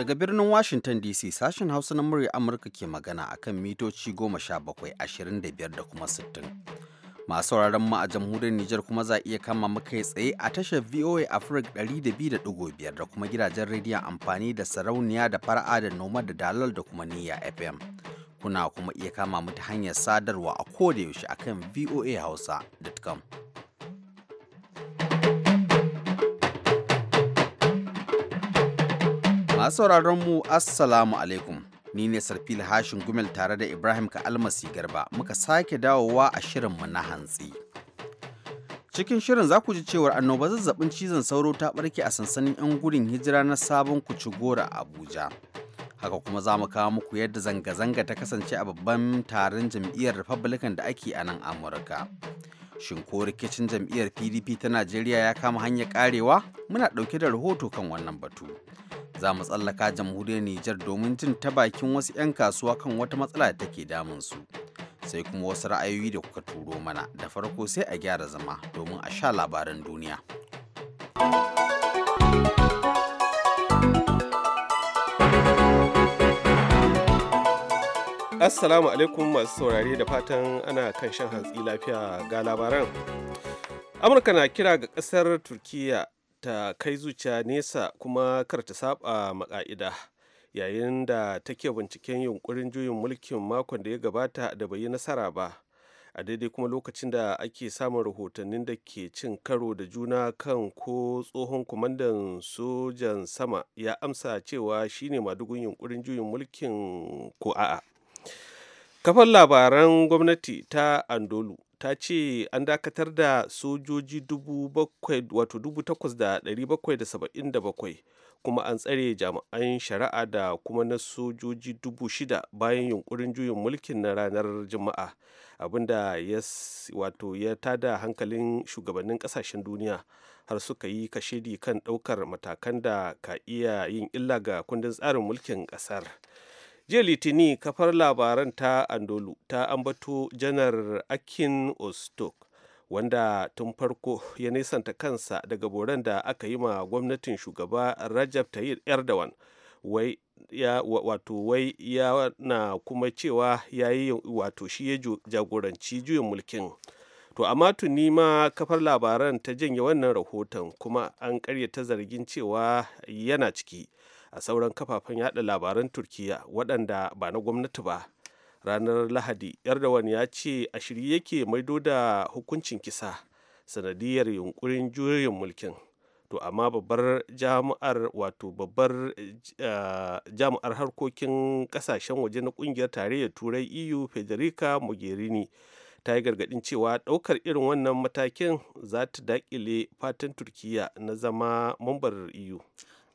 Daga birnin Washington DC sashen Hausa na murya Amurka ke magana a kan mitoci 17, 25 da kuma 60. Masu sauraron mu a jamhuriyar Nijar kuma za iya kama muka tsaye a tashar VOA Africa ɗari da kuma gidajen rediyon amfani da sarauniya da fara'a da noma da dalal da kuma niyya FM. Kuna kuma iya kama mu ta hanyar sadarwa a kodayaushe akan voahausa.com. Masu sauraron mu Assalamu alaikum. Ni ne Sarfil Hashin Gumel tare da Ibrahim ka Almasi Garba muka sake dawowa a shirinmu na hantsi. Cikin shirin za ku ji cewar annoba zazzabin cizon sauro ta ɓarke a sansanin 'yan gudun hijira na sabon Kucigora a Abuja. Haka kuma za mu kawo muku yadda zanga-zanga ta kasance a babban taron jam'iyyar Republican da ake a nan Amurka. Shin ko rikicin jam'iyyar PDP ta Najeriya ya kama hanyar karewa? Muna ɗauke da rahoto kan wannan batu. za mu tsallaka jamhuriyar Nijar domin jin ta bakin wasu 'yan kasuwa kan wata matsala da take damun su. Sai kuma wasu ra'ayoyi da kuka turo mana da farko sai a gyara zama domin a sha labaran duniya. Assalamu alaikum masu saurari da fatan ana kan shan hantsi lafiya ga labaran. Amurka na kira ga ƙasar Turkiyya ta kai zuciya nesa kuma kar ta saba maka'ida yayin da take binciken yunkurin juyin mulkin makon da ya gabata da bai yi nasara ba a daidai kuma lokacin da ake samun rahotannin da ke cin karo da juna kan ko tsohon kwamandan sojan sama ya amsa cewa shine madugun yunkurin juyin mulkin ko a'a kafar labaran gwamnati ta andolu ta ce an dakatar da sojoji bakwai kuma an tsare jami'an shari'a da kuma na sojoji shida bayan yunkurin juyin mulkin na ranar juma'a abinda ya wato ya tada hankalin shugabannin kasashen duniya har suka yi kashedi kan daukar matakan da ka iya yin illa ga kundin tsarin mulkin kasar. jiya litini kafar labaran ta andolu ta ambato janar akin ostok wanda tun farko ya nisanta kansa daga boran da aka yi ma gwamnatin shugaba rajab tayyip erdogan wai ya wato wai ya na kuma cewa ya yi wato shi ya jagoranci juyin mulkin. to amma tuni ma kafar labaran ta janye wannan rahoton kuma an karyata zargin cewa yana ciki a sauran kafafen yada labaran turkiya waɗanda ba na gwamnati ba ranar lahadi erdogan ya ce a shirye yake maido da hukuncin kisa sanadiyar yunkurin juyin mulkin to amma babbar jami'ar wato babbar eh, jami'ar harkokin kasashen waje na kungiyar tarayyar turai eu federica mogherini ta yi gargadin cewa daukar irin wannan matakin za ta dakile fatan turkiya na zama mambar eu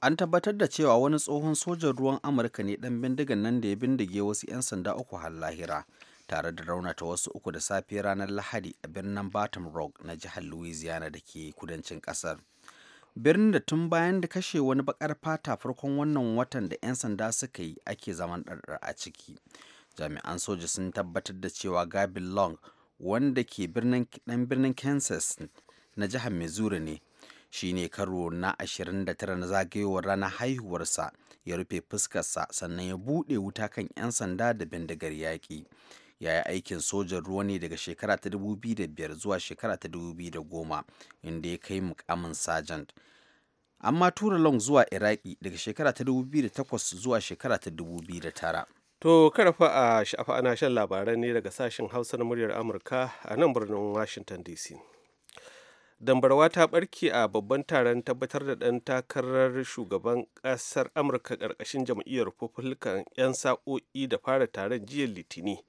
an tabbatar da cewa wani tsohon sojan ruwan amurka ne dan bindigan nan da ya bindige wasu 'yan sanda uku har lahira tare da raunata wasu uku da safe ranar lahadi a birnin baton rock na jihar louisiana da ke kudancin kasar birnin da tun bayan da kashe wani bakar fata farkon wannan watan da 'yan sanda suka yi ake zaman ɗarɗar a ciki jami'an soja sun tabbatar da cewa gabin long wanda ke dan birnin kansas na jihar missouri ne shi ne karo na 29 na zagayowar ranar haihuwarsa ya rufe fuskarsa sannan ya buɗe wuta kan 'yan sanda da bindigar yaƙi ya yi aikin sojan ruwa ne daga shekara ta 2005 zuwa shekara ta 2010 inda ya kai mukamin sergeant amma tura long zuwa iraki daga shekara ta 2008 zuwa shekara ta 2009 To karfa a sha'afa ana shan labaran ne daga sashen Hausa na muryar Amurka a nan birnin Washington DC. Dambarwa ta barke a babban taron tabbatar da ɗan takarar shugaban ƙasar Amurka ƙarƙashin jam'iyyar Republican 'yan sa'o'i da fara taron jiya Litini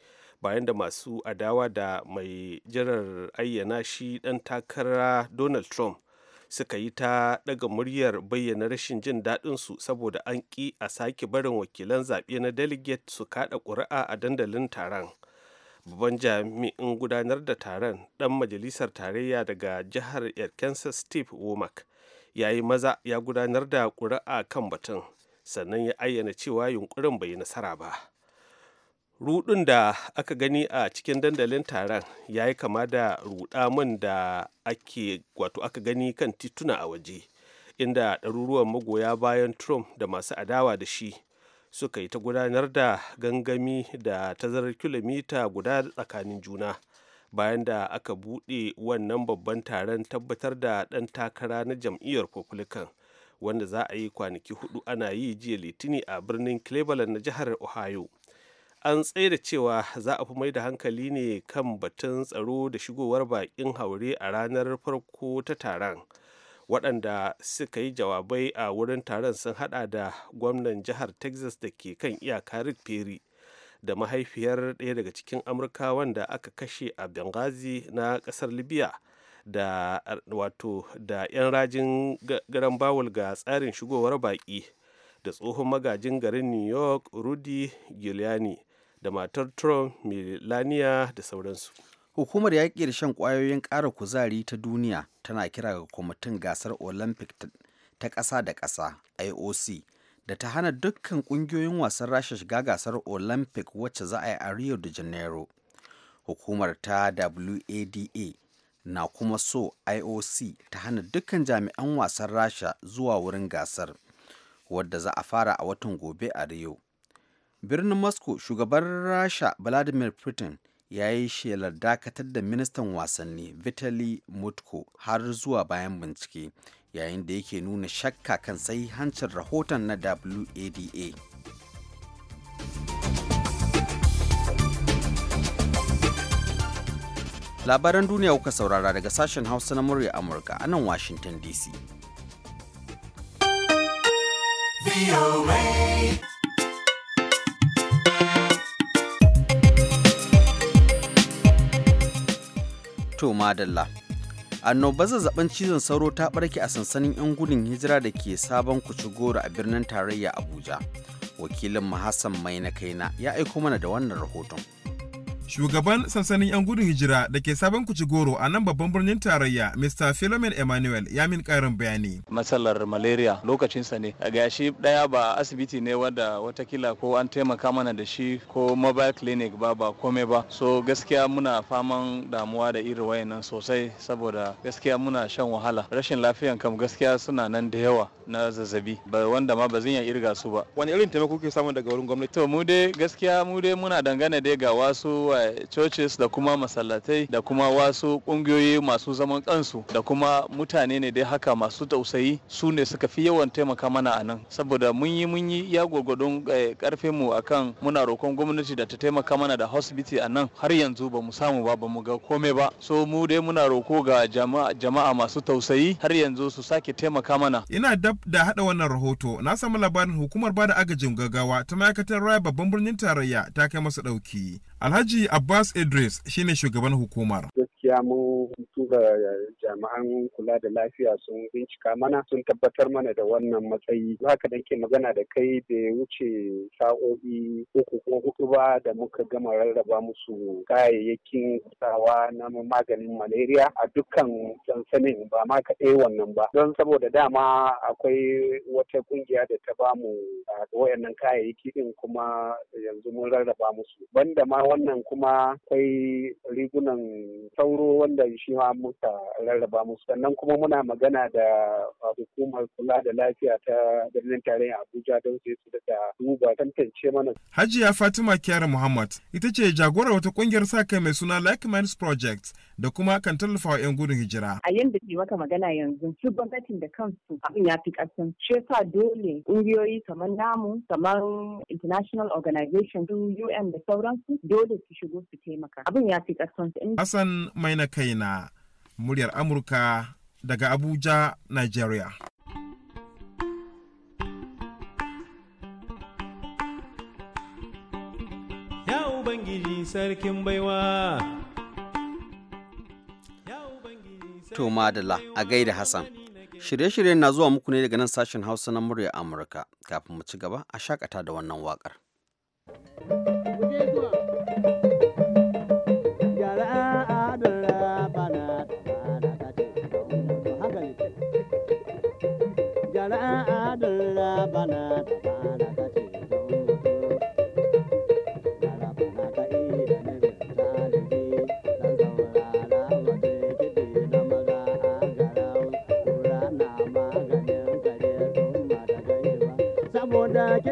bayan da masu adawa da mai jirar ayyana shi ɗan takara Donald Trump suka yi ta daga muryar bayyana rashin jin daɗinsu saboda an ƙi a sake barin wakilan zaɓe na delegate su kaɗa ƙuri'a a dandalin taron babban jami'in gudanar da taron ɗan majalisar tarayya daga jihar kansas steve womack ya yi maza ya gudanar da ƙuri'a kan batun sannan ya ayyana cewa yunkurin bai nasara ba rudun da aka gani a cikin dandalin taron ya yi kama da man da ake wato aka gani kan tituna a waje inda ɗaruruwan magoya bayan trump da masu adawa da shi suka yi ta gudanar da gangami da tazarar kilomita guda tsakanin juna bayan da aka buɗe wannan babban taron tabbatar da ɗan takara na jam'iyyar republican wanda za a yi kwanaki hudu ana yi jiya litini a birnin cleveland na jihar ohio an tsaida cewa za a fi mai da hankali ne kan batun tsaro da shigowar bakin haure a ranar farko ta taron waɗanda suka yi jawabai a wurin taron sun hada da gwamnan jihar texas da ke kan iyaka rick perry da mahaifiyar ɗaya daga cikin amurka wanda aka kashe a benghazi na ƙasar libya da wato da 'yan rajin garan bawul ga tsarin shigowar baƙi da tsohon magajin garin new york rudy giuliani da matar trump melania da sauransu hukumar yaƙi da shan ƙwayoyin ƙara kuzari ta duniya tana kira ga kwamitin gasar olympic ta ƙasa da ƙasa ioc da ta hana dukkan ƙungiyoyin wasan rasha shiga gasar olympic wacce za a yi a rio de janeiro hukumar ta wada na kuma so ioc ta hana dukkan jami'an wasan rasha zuwa wurin gasar wadda za a fara a watan gobe a rio birnin moscow shugaban rasha vladimir putin ya yi shelar dakatar da ministan wasanni vitali mutko har zuwa bayan bincike yayin da yake nuna shakka kan hancin rahoton na wada labaran duniya kuka saurara daga sashen hausa na murya amurka a nan washington dc To madalla. annobar zazzabin cizon sauro ta barke a sansanin 'yan gudun hijira da ke sabon goro a birnin tarayya abuja wakilin mahassan mai na kaina ya aiko mana da wannan rahoton Shugaban sansanin 'yan gudun hijira da ke sabon kuci goro a nan babban birnin tarayya Mr. Philomen Emmanuel ya min karin bayani. Matsalar malaria lokacinsa ne. A gashi daya ba asibiti ne wanda watakila ko an taimaka mana da shi ko mobile clinic ba ba kome ba. So gaskiya muna faman damuwa da irin wayannan sosai saboda gaskiya muna shan wahala. Rashin lafiyan kam gaskiya suna nan da yawa na zazzabi ba wanda ma ba zan iya irga su ba. Wani irin taimako kuke samu daga wurin gwamnati? To mu dai gaskiya mu dai muna dangane dai ga wasu wa churches da kuma masallatai da kuma wasu kungiyoyi masu zaman kansu da kuma mutane ne dai haka masu tausayi su ne suka fi yawan taimaka mana a nan saboda mun yi mun yi ya gwagwadon karfe eh, mu akan muna roƙon gwamnati da ta taimaka mana da hospital a nan har yanzu ba mu samu ba ba mu ga komai ba so mu dai muna roko ga jama'a masu tausayi har yanzu su sake taimaka mana ina dab da hada wannan rahoto na samu labarin hukumar bada agajin gaggawa ta ma'aikatar raya babban birnin tarayya ta kai masa dauki Alhaji Abbas Idris shine shugaban hukumar. gaskiya mun tura jami'an kula da lafiya sun bincika mana sun tabbatar mana da wannan matsayi haka da ke magana da kai da ya wuce sa'o'i uku ko hudu ba da muka gama rarraba musu kayayyakin sawa na maganin malaria a dukkan sansanin ba ma kaɗai wannan ba don saboda dama akwai wata kungiya da ta ba mu wayannan kayayyaki din kuma yanzu mun rarraba musu banda ma wannan kuma akwai rigunan sauri turo wanda shi ma muka rarraba musu sannan kuma muna magana da ah, hukumar kula da lafiya ta birnin tarayyar abuja don sai su da duba tantance mana. hajiya fatima kiyar muhammad ita ce jagorar wata kungiyar sa kai mai suna like minds project da kuma kan tallafawa 'yan gudun hijira. A yadda ke maka magana yanzu su gwamnatin da kansu abin ya fi ƙasan. Shi yasa dole ƙungiyoyi kamar namu kamar international organization UN da sauransu dole su shigo su taimaka. Abin ya fi ƙasan. Hassan Maina Kaina, muryar Amurka daga Abuja, Nigeria. Ya Ubangiji sarkin baiwa. To Madala a gaida Hassan. Shirye-shiryen na zuwa muku ne daga nan sashen Hausa na murya Amurka kafin mu ci gaba a shakata da wannan waƙar. thank you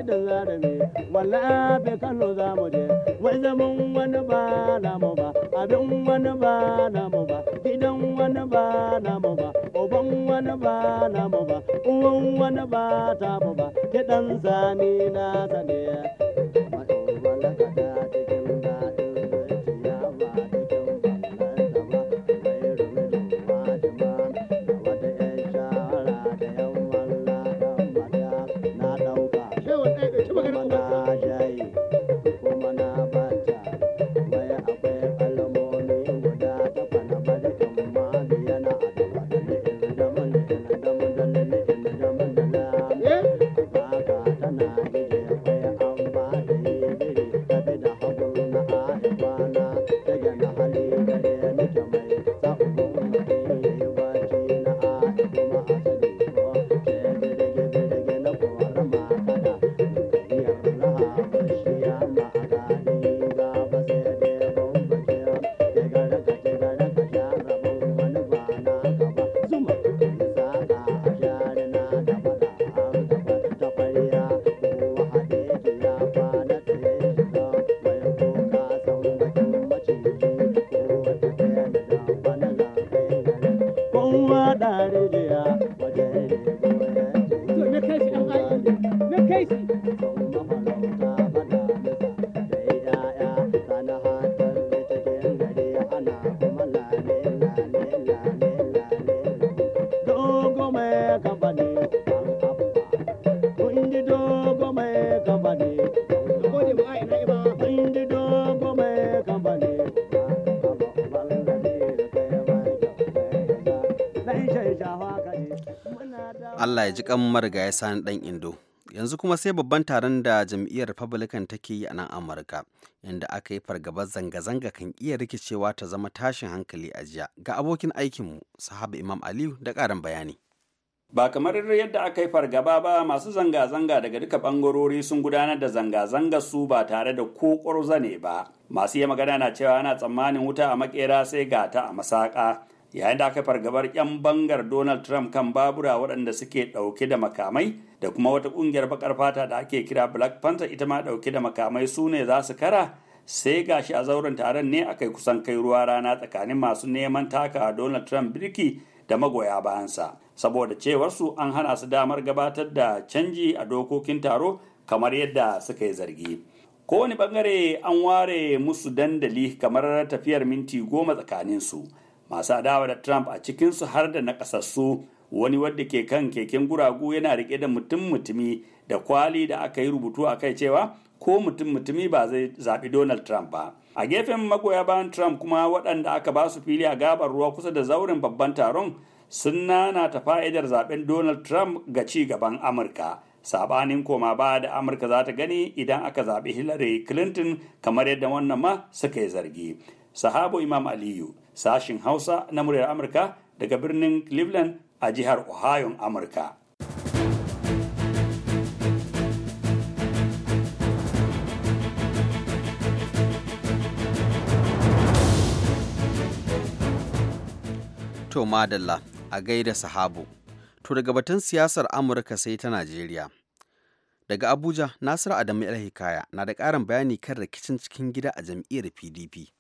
da zarabe be kano za mu je wai zaman wani ba mu ba abin wani ba mu ba gidan wani ba mu ba uban wani ba mu ba uwan wani ba mu ba kiɗan sani na saniya Allah ya ji kan marigaya sani dan indo yanzu kuma sai babban taron da jam'iyyar republican take yi a nan amurka inda aka yi fargabar zanga-zanga kan iya rikicewa ta zama tashin hankali a jiya ga abokin aikinmu sahaba imam aliyu da ƙarin bayani ba kamar yadda aka yi fargaba ba masu zanga-zanga daga duka bangarori sun gudanar da zanga-zanga su ba tare da ko zane ba masu yi magana na cewa ana tsammanin wuta a makera sai gata a masaka yayin da aka fargabar 'yan bangar donald trump kan babura waɗanda suke ɗauke da makamai da kuma wata ƙungiyar bakar fata da ake kira black panther ita ma ɗauke da makamai su ne za su kara sai gashi a zauren taron ne aka kusan kai ruwa rana tsakanin masu neman taka donald trump birki da magoya bayansa saboda cewarsu an hana su damar gabatar da canji a dokokin taro kamar yadda suka yi zargi kowane bangare an ware musu dandali kamar tafiyar minti goma tsakanin su masu adawa da trump a cikinsu har da nakasassu wani wadda ke kan keken guragu yana rike da mutum mutumi da kwali da aka yi rubutu a kai cewa ko mutum mutumi ba zai zaɓi donald trump ba a gefen magoya bayan trump kuma waɗanda aka ba su fili a gabar ruwa kusa da zaurin babban taron sun ta fa'idar zaɓen donald trump ga ci gaban amurka sabanin koma ba da amurka za ta gani idan aka zaɓi hillary clinton kamar yadda wannan ma suka yi zargi sahabo imam aliyu sashin hausa na muryar amurka daga birnin cleveland a jihar ohio amurka to madalla a gaida sahabo to daga batun siyasar amurka sai ta najeriya daga abuja nasiru adamu 'yar hikaya na da ƙarin bayani kan rikicin cikin gida a jam'iyyar pdp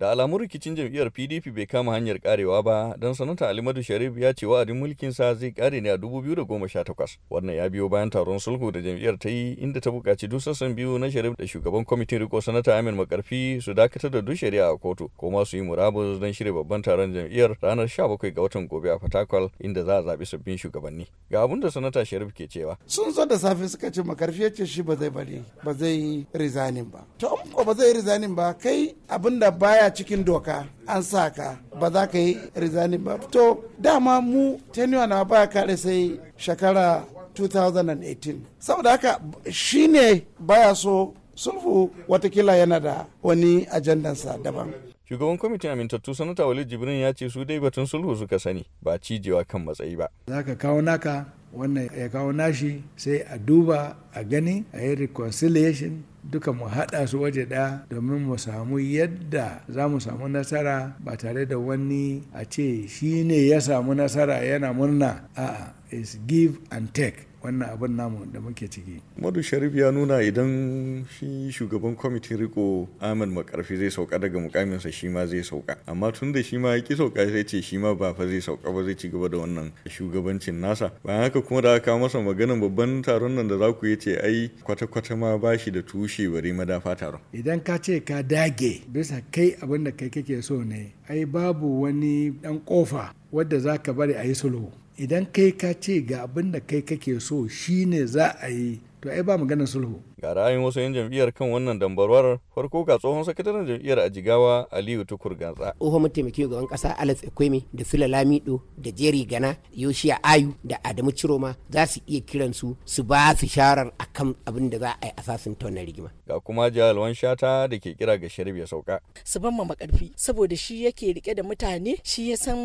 da alamun rikicin jam'iyyar pdp bai kama hanyar karewa ba don sanata alimadu sharif ya ce wa'adin mulkin sa zai kare ne a 2018 wannan ya biyo bayan taron sulhu da jam'iyyar ta yi inda ta bukaci duk sassan biyu na sharif da shugaban kwamitin riko sanata amin makarfi su dakatar da duk shari'a a kotu ko ma su yi murabus don shirya babban taron jam'iyyar ranar 17 ga watan gobe a fatakwal inda za a zaɓi sabbin shugabanni ga abun da sanata sharif ke cewa sun zo da safe suka ce makarfi ya ce shi ba zai bari ba zai rizanin ba to ba zai rizanin ba kai abin baya tsaya cikin doka an sa ka ba za ka yi rizani ba to dama mu tenure na ba kare sai shekara 2018 saboda haka shi ne baya so sulhu watakila yana da wani ajandansa daban shugaban kwamitin amintattu sanata wali jibrin ya ce su dai batun sulhu suka sani ba cijewa kan matsayi ba za ka kawo naka wannan ya kawo nashi sai a duba a gani a yi reconciliation duka mu haɗa su waje ɗaya domin mu samu yadda za mu samu nasara ba tare da wani a ce shi ne ya samu nasara yana murna a'a is give and take wannan abin namu da muke ciki. Madu Sharif ya nuna idan shi shugaban kwamitin riko Ahmed Makarfi zai sauka daga mukaminsa shi ma zai sauka. Amma tun da shi ma ya ki sauka sai ce shi ma ba fa zai sauka ba zai ci gaba da wannan shugabancin nasa. Bayan haka kuma da aka masa magana babban taron nan da za ku yi ce ai kwata-kwata ma bashi da tushe bari madafa taron. Idan ka ce ka dage bisa kai abin da kai kake so ne ai babu wani dan kofa wadda za ka bari a yi sulhu idan kai ka ce ga abin da kai kake so shine za a yi to ai ba maganar sulhu Ga ra'ayin wasu 'yan jam'iyyar kan wannan dambarwar farko ga tsohon sakataren jam'iyyar a Jigawa Aliyu Tukur Gantsa. Tsohon ga wani kasa Alex ekwemi da Sula Lamido da Jerry Gana, Yoshiya Ayu da Adamu Ciroma za su iya kiran su su ba su sharar akan abin da za a yi asasin ta wannan rigima. Ga kuma Jalwan Shata da ke kira ga Sharif ya sauka. Su ban makarfi saboda shi yake rike da mutane, shi ya san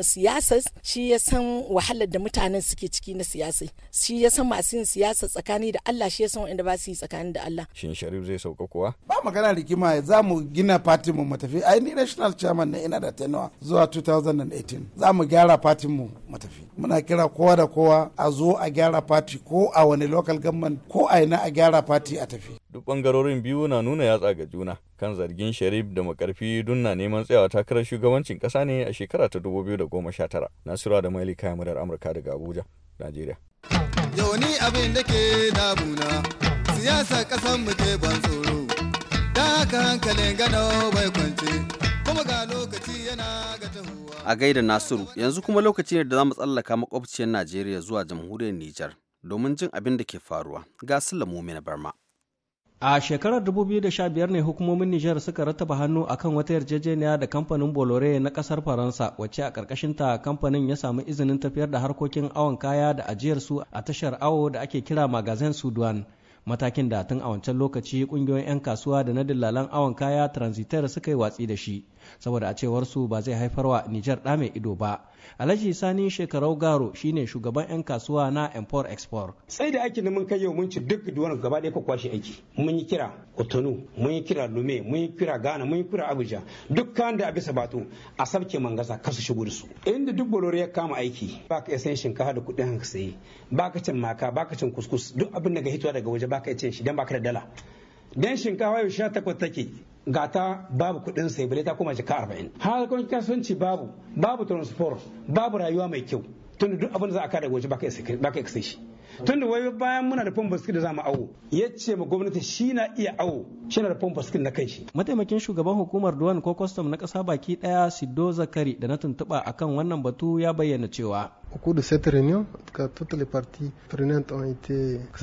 siyasar, shi ya san wahalar da mutanen suke ciki na siyasa, shi ya san masu yin siyasa tsakani da Allah shi ya san wanda ba su yi tsakanin da Allah. Shin Sharif zai sauka kuwa? Ba magana rigima za mu gina fatin mu matafi. Ai ni national chairman na ina da tenuwa zuwa 2018. Za mu gyara fatin mu matafi. Muna kira kowa da kowa a zo a gyara fati ko a wani local government ko a ina a gyara fati a tafi. Duk bangarorin biyu na nuna yatsa ga juna kan zargin Sharif da makarfi don na neman tsayawa takarar shugabancin kasa ne a shekara ta 2019. Nasura da Maili kayan murar Amurka daga Abuja, Najeriya. Yau ni abin da ke damuna siyasa kasan mu ke ban tsoro da haka hankalin gano bai kwance kuma ga lokaci yana ga tahuwa a gaida nasiru yanzu kuma lokaci ne da za mu tsallaka makwabciyar najeriya zuwa jamhuriyar nijar domin jin abin da ke faruwa ga sulamu na barma A shekarar 2015 ne hukumomin Nijar suka rattaba hannu akan wata yarjejeniya da kamfanin Bolore na kasar Faransa wacce a ta kamfanin ya samu izinin tafiyar da harkokin awon kaya da ajiyarsu a tashar awo da ake kira magazin Sudan. matakin da tun a wancan lokaci kungiyoyin 'yan kasuwa da na dillalan awon kaya transitayar suka yi watsi da shi saboda a cewar su ba zai haifarwa Nijar ɗa mai ido ba. Alhaji Sani Shekarau Garo shine shugaban 'yan kasuwa na Empor Export. Sai da ake mun kai yau mun ci duk duwan gaba ɗaya ka kwashe aiki. Mun yi kira Kotonu, mun yi kira Lume, mun yi kira Ghana, mun yi kira Abuja. Duk kan da bisa bato a sabke mangasa su shigo da su. Inda duk bolore ya kama aiki ba ka san shinkafa da kuɗin hanka sai ba cin maka, ba ka cin kuskus, duk abin da ga hitowa daga waje ba ka cin shi dan ba da dala. Dan shinkafa yau sha takwas take gata babu kuɗin sai bale ta koma jika arba'in kun kasuwanci babu babu transport babu rayuwa mai kyau tunda duk abin da za a kada waje baka isa shi tunda wai bayan muna da skin da za mu awo yace ma gwamnati shi na iya awo shi na da skin na kai shi mataimakin shugaban hukumar duwan ko kwastam na kasa baki ɗaya sido zakari da na tuntuba akan wannan batu ya bayyana cewa Au cours de cette réunion, toutes les parties prenantes ont été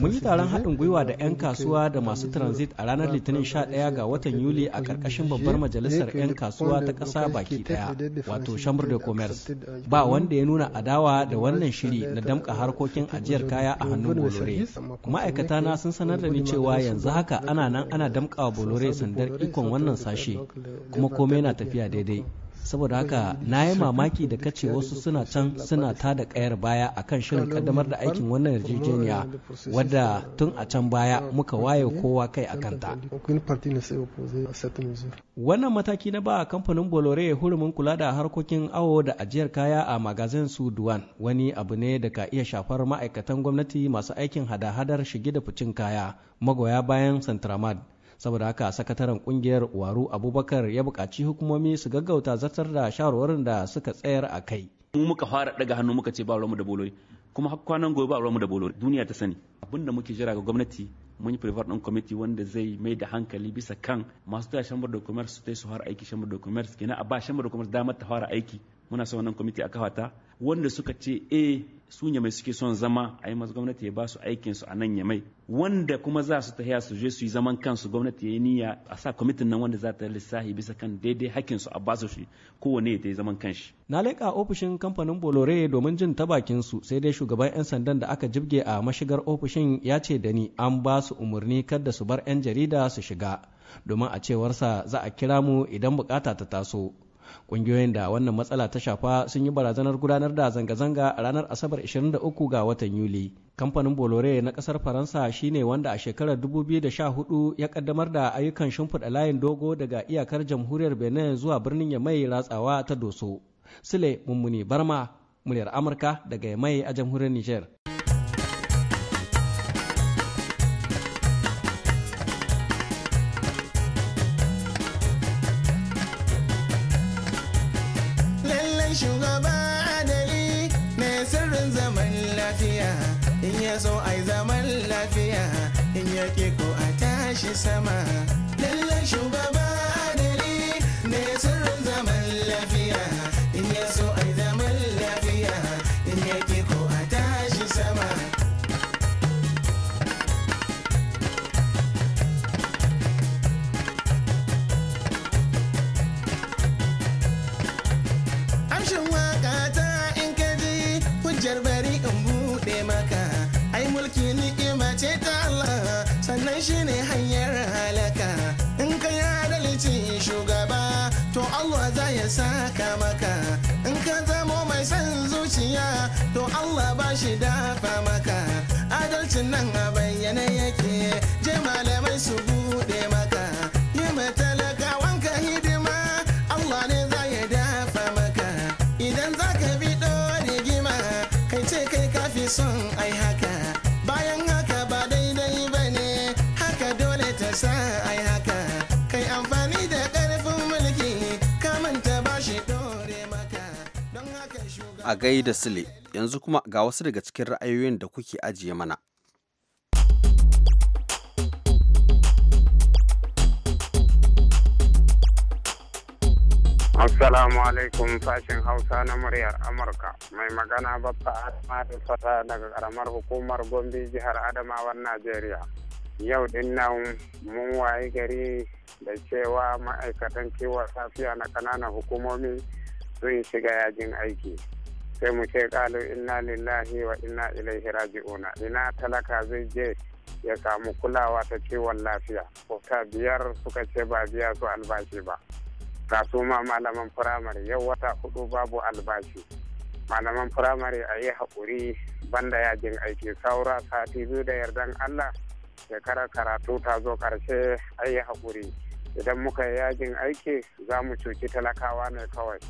Mun yi taron haɗin gwiwa da 'yan kasuwa da masu transit a ranar Litinin 11 ga watan Yuli a ƙarƙashin babbar majalisar 'yan kasuwa ta ƙasa baki ɗaya, wato Chambre de Commerce. Ba wanda ya nuna adawa da wannan shiri na damƙa harkokin ajiyar kaya a hannun Bolore. Ma'aikata na sun sanar da ni cewa yanzu haka ana nan ana damƙa wa Bolore sandar ikon wannan sashe, kuma komai na tafiya daidai. saboda haka na yi mamaki da kace wasu suna can suna ta da kayar baya a kan shirin kaddamar da aikin wannan yarjejeniya wadda uh, tun a can baya uh, muka waye kowa kai a kanta wannan mataki na ba kamfanin bolore hurumin kula da harkokin awo da ajiyar kaya a magazin su duwan wani abu ne da ka iya shafar ma'aikatan gwamnati masu aikin hada-hadar shige da ficin kaya magoya bayan santramad saboda haka sakataren kungiyar waru abubakar ya buƙaci hukumomi su gaggauta zartar da shawarwarin da suka tsayar a kai mu muka fara daga hannu muka ce ba mu da bololi kuma har kwanan gobe ba mu da bololi duniya ta sani abin da muke jira ga gwamnati mun yi prefer ɗin kwamiti wanda zai mai da hankali bisa kan masu taya shambar da commerce su tai su fara aiki shambar da commerce kenan a ba shambar da commerce damar ta fara aiki muna son wannan kwamiti a kawata wanda suka ce e su mai suke son zama a yi masu gwamnati ya ba su aikin su a nan yamai wanda kuma za su tahiya su je su yi zaman kansu gwamnati ya yi niyya a sa kwamitin nan wanda za ta lissahi bisa kan daidai hakkin su a ba su shi kowane ya ta yi zaman kanshi na leƙa ofishin kamfanin bolore domin jin ta bakin su sai dai shugaban yan sandan da aka jibge a mashigar ofishin ya ce da ni an ba su umarni kada su bar yan jarida su shiga domin a cewarsa za a kira mu idan bukata ta taso Ƙungiyoyin da wannan matsala ta shafa sun yi barazanar gudanar da zanga-zanga a ranar Asabar 23 ga watan Yuli. Kamfanin Bolore na kasar Faransa shine wanda a shekarar 2014 ya kaddamar da ayyukan shimfiɗa layin dogo daga iyakar jamhuriyar Benin zuwa birnin Yamai ratsawa ta Doso. Sule Mummuni Barma, muryar Amurka daga Yamai a jamhuriyar Nijar. semana. shi dafa maka adalcin nan a bayyane yake je malamai su a gaida sile yanzu kuma ga wasu daga cikin ra'ayoyin da kuke ajiye mana Assalamu alaikum sashen Hausa na muryar Amurka. Mai magana babba Adama fata daga karamar hukumar Gombe jihar Adamawa Najeriya. Yau din nan mun wayi gari da cewa ma'aikatan kiwon safiya na ƙananan hukumomi sun shiga yajin aiki. sai mu ce kalu inna lillahi wa inna ilaihi raji'una ina talaka zai je ya samu kulawa ta ciwon lafiya wata biyar suka ce ba biya su albashi ba ga su ma malaman firamare yau wata hudu babu albashi malaman firamare a yi haƙuri banda yajin aiki saura sati biyu da yardan allah shekarar karatu ta zo ƙarshe a yi haƙuri idan muka yi yajin aiki za mu cuci talakawa ne kawai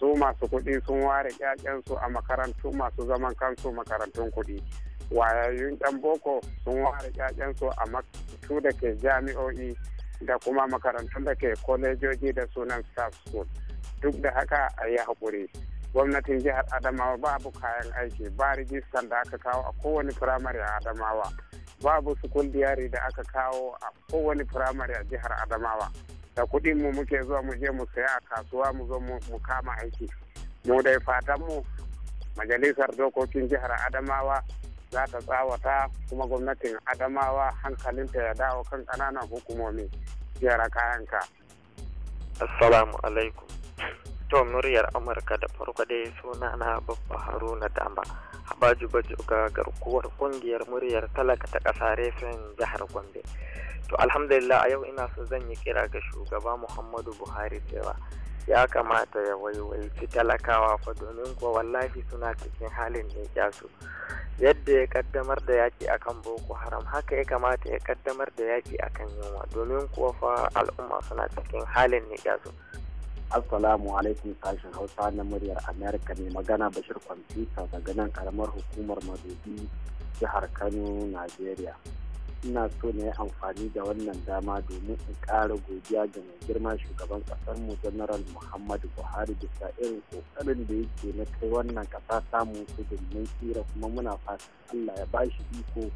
su masu kuɗi sun ware ƴaƴansu a makarantu masu zaman kansu makarantun kuɗi wayayyun ƴan boko sun ware ƴaƴansu a makarantu da ke jami'o'i da kuma makarantun da ke kolejoji da sunan staff school duk da haka a yi haƙuri gwamnatin jihar adamawa babu kayan aiki ba rijistan da aka kawo a kowane firamare a adamawa babu sukul diyari da aka kawo a kowane firamare a jihar adamawa da kuɗin mu muke zuwa mu je mu saya a kasuwa mu zo mu kama aiki mu dai fatan mu majalisar dokokin jihar adamawa za ta tsawata kuma gwamnatin adamawa hankalinta ya dawo kan ƙananan hukumomi jihar kayanka assalamu alaikum to muryar amurka da farko dai suna na babba haruna damba Abaju Bajoga garkuwar kungiyar muryar talaka ta ƙasa refin jihar Gombe. To alhamdulillah a yau ina so zan yi kira ga shugaba Muhammadu Buhari cewa ya kamata ya waiwaici talakawa fa domin kuwa wallahi suna cikin halin da ya su yadda ya kaddamar da yaki akan boko haram haka ya kamata ya kaddamar da yaki akan yunwa domin kuwa fa al'umma suna cikin halin ne ya su Assalamu alaikum sashen Hausa na muryar america ne magana Bashir Kwamfuta daga nan karamar hukumar Madobi jihar Kano, nigeria Ina so na yi amfani da wannan dama domin in ƙara godiya ga mai girma shugaban ƙasarmu General Muhammadu Buhari bisa irin ƙoƙarin da yake na kai wannan ƙasa samun su domin tsira kuma muna fatan Allah ya bashi iko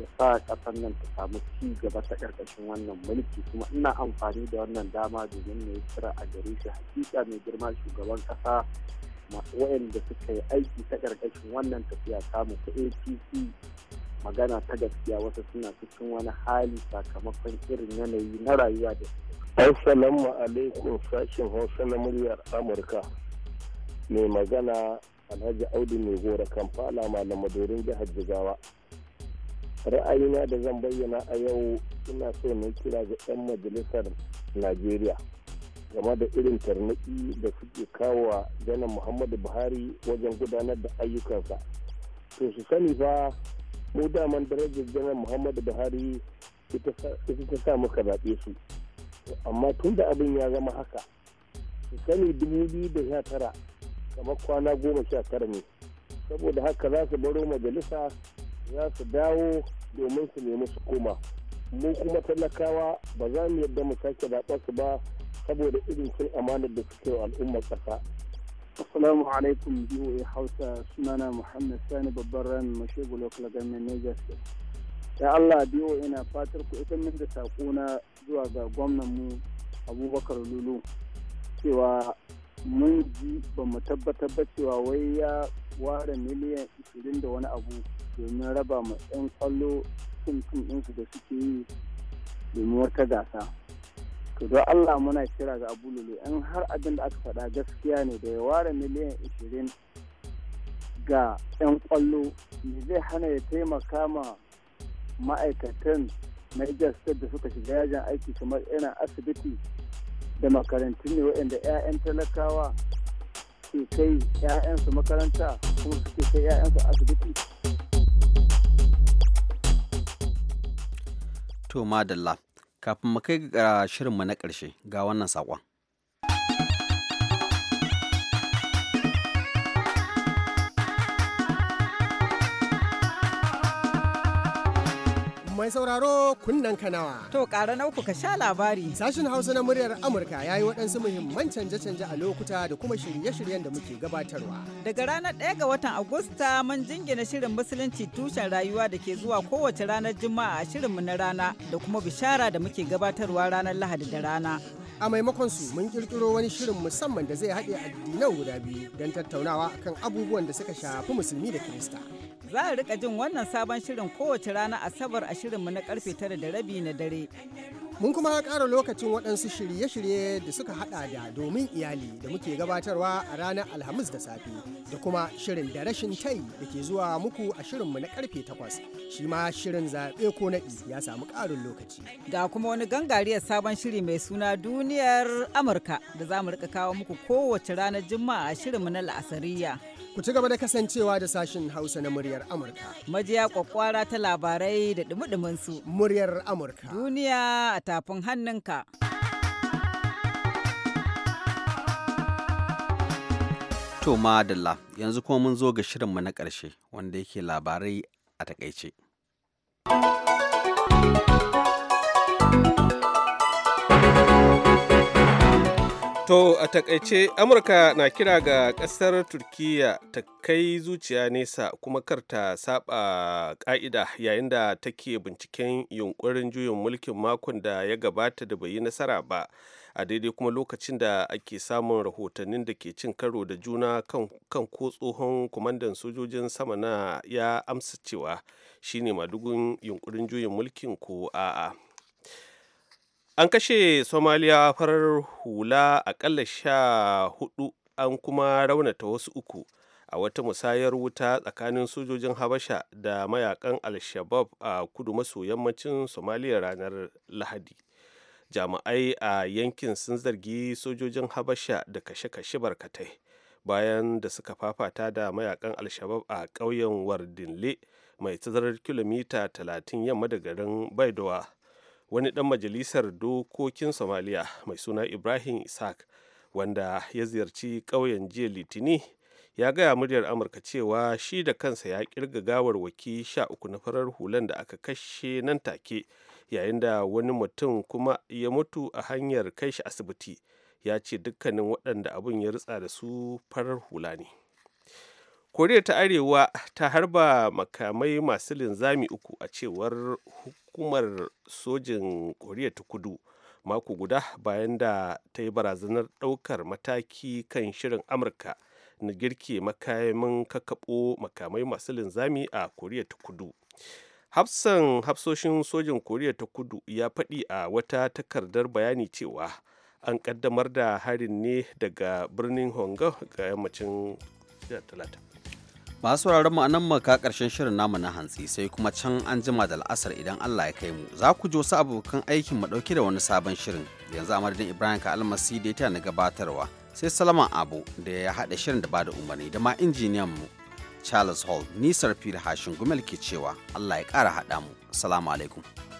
ya sa ƙasar nan ta samu ci gaba ta ƙarƙashin wannan mulki kuma ina amfani da wannan dama domin na yi kira a gare shi hakika mai girma shugaban ƙasa waɗanda suka yi aiki ta ƙarƙashin wannan tafiya samu ta apc magana ta gaskiya wasu suna cikin wani hali sakamakon irin yanayi na rayuwa da assalamu alaikum sashen hausa na muryar amurka mai magana alhaji audu mai gora kamfala malamadorin jihar jigawa ra'ayina da zan bayyana a yau ina so na kira ga 'yan majalisar najeriya game da irin tarnaki da suke kawo janar muhammadu buhari wajen gudanar da ayyukansa to su sani fa mu daman darajar janar muhammadu buhari ita ta sa muka zaɓe su amma tun da abin ya zama haka su sani tara kamar kwana goma sha tara ne saboda haka za su baro majalisa za su dawo domin su nemi su koma mu kuma talakawa ba za mu yadda mu sake zaɓar su ba saboda irin sun amanar da suke al'ummar ƙasa. Assalamu alaikum BOA Hausa sunana Muhammad Sani babban ran Mashegu Local Government Niger State. Ya Allah BOA yana fatar ku ita min da saƙo na zuwa ga gwamnan mu Abubakar Lulu cewa mun ji ba mu tabbatar ba cewa wai ya ware miliyan 20 da wani abu domin raba ma 'yan kwallo cin cin ɗinsu da suke yi domin wata gasa to don allah muna kira ga abu in har abin da aka faɗa gaskiya ne da ya ware miliyan 20 ga 'yan kwallo ne zai hana ya taimaka ma ma'aikatan Niger State da suka shiga yajin aiki kamar ina asibiti da makarantun ne waɗanda 'ya'yan talakawa ke kai 'ya'yansu makaranta kuma suke kai 'ya'yansu asibiti To madalla, kafin mu kai ga shirinmu na ƙarshe ga wannan saƙon. mai sauraro kunnen kanawa. To ƙara na uku ka sha labari. Sashen Hausa na muryar Amurka ya yi waɗansu muhimman canje-canje a lokuta da kuma shirye-shiryen da muke gabatarwa. Daga ranar 1 ga watan Agusta mun jingina shirin musulunci tushen rayuwa da ke zuwa kowace ranar Juma'a a shirinmu na rana da kuma bishara da muke gabatarwa ranar Lahadi da rana. a maimakon su mun kirkiro wani shirin musamman da zai haɗe addinan guda biyu don tattaunawa akan abubuwan da suka shafi musulmi da kirista Za a rika jin wannan sabon shirin kowace rana Asabar a shirinmu na karfe tara da rabi na dare. Mun kuma ƙara lokacin waɗansu shirye-shirye da suka haɗa da domin iyali da muke gabatarwa a ranar Alhamis da safe da kuma shirin da rashin tai da ke zuwa muku a shirinmu na karfe takwas. Shi ma shirin zaɓe ko naɗi ya samu ƙarin lokaci. Ga kuma wani gangariyar sabon shiri mai suna duniyar Amurka da za mu rika kawo muku kowace ranar Juma'a a shirinmu na La'asariya. Ku ci gaba da kasancewa da sashin Hausa na muryar Amurka. Majiya kwakwara ta labarai da dumi su. Muryar Amurka. Duniya a tafin hannunka. To madalla yanzu kuma mun zo ga shirinmu na ƙarshe wanda yake labarai a takaice. To a takaice Amurka na kira ga ƙasar Turkiyya ta kai zuciya nesa kuma kar ta saba ƙa'ida yayin da take binciken yunkurin juyin mulkin makon da ya gabata da bai yi nasara ba a daidai kuma lokacin da ake samun rahotannin da ke cin karo da juna kan ko tsohon kwamandan sojojin sama na ya amsa cewa shine madugun yunkurin juyin mulkin ko a'a. an kashe somaliya farar hula akalla sha hudu an kuma raunata wasu uku a wata musayar wuta tsakanin sojojin habasha da mayakan al-shabab a kudu maso yammacin somaliya ranar lahadi jami'ai a yankin sun zargi sojojin habasha da kashe-kashe barkatai bayan da suka fafata da mayakan al-shabab a ƙauyen wardinle mai tazarar kilomita 30 yamma da garin baidowa wani ɗan majalisar dokokin somaliya mai suna ibrahim isaac wanda ya ziyarci ƙauyen jiya litini ya gaya muryar amurka cewa shi da kansa ya kirga waki sha uku na farar hulan da aka kashe nan take yayin da wani mutum kuma ya mutu a hanyar kai shi asibiti ya ce dukkanin waɗanda abun ya rutsa da su farar hula ne koriya ta arewa ta harba makamai masu linzami uku a cewar hukumar sojin koriya ta kudu mako guda bayan da ta yi barazanar daukar mataki kan shirin amurka na girke makamin kakaɓo makamai masu linzami a koriya ta kudu hafsan hafsoshin sojin koriya ta kudu ya faɗi a wata takardar bayani cewa an ƙaddamar da harin ne daga birnin hong ga yammacin talata masu sauraron a nan maka karshen shirin namu na hantsi sai kuma can an jima da la'asar idan Allah ya kai mu za ku ji wasu abokan aikin mu dauke da wani sabon shirin yanzu amadadin Ibrahim ka almasi da ita na gabatarwa sai salaman Abu da ya haɗa shirin da ba da umarni da ma injiniyan mu Charles Hall nisar fil hashin gumel ke cewa Allah ya ƙara haɗa mu salamu alaikum